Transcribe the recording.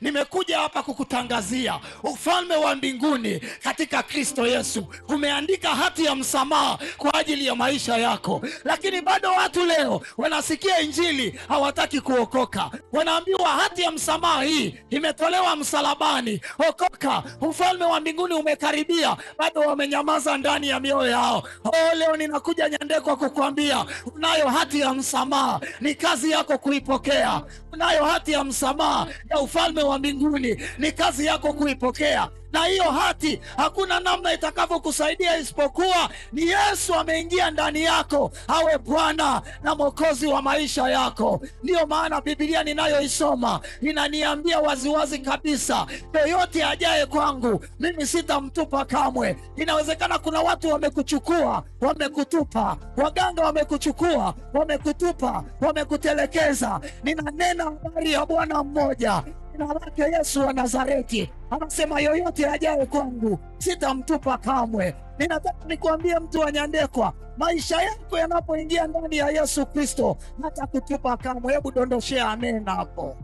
nimekuja hapa kukutangazia ufalme wa mbinguni katika Kristo Yesu. Umeandika hati ya msamaha kwa ajili ya maisha yako, lakini bado watu leo wanasikia injili hawataki kuokoka wanaambiwa hati ya msamaha hii imetolewa msalabani, okoka, ufalme wa mbinguni umekaribia, bado wamenyamaza ndani ya mioyo yao. Oh, leo ninakuja Nyandekwa kukuambia unayo hati ya msamaha, ni kazi yako kuipokea. Unayo hati ya msamaha ya ufalme wa mbinguni, ni kazi yako kuipokea na hiyo hati hakuna namna itakavyokusaidia isipokuwa ni Yesu ameingia ndani yako, awe Bwana na Mwokozi wa maisha yako. Ndiyo maana Bibilia ninayoisoma inaniambia waziwazi kabisa, yoyote ajaye kwangu mimi sitamtupa kamwe. Inawezekana kuna watu wamekuchukua, wamekutupa, waganga wamekuchukua, wamekutupa, wamekutelekeza. Ninanena habari ya Bwana mmoja, jina lake Yesu wa Nazareti anasema yoyote ajaye kwangu sitamtupa kamwe. Ninataka nikwambie mtu wa Nyandekwa, maisha yako yanapoingia ndani ya Yesu Kristo hata kutupa kamwe. Hebu dondoshea amen hapo.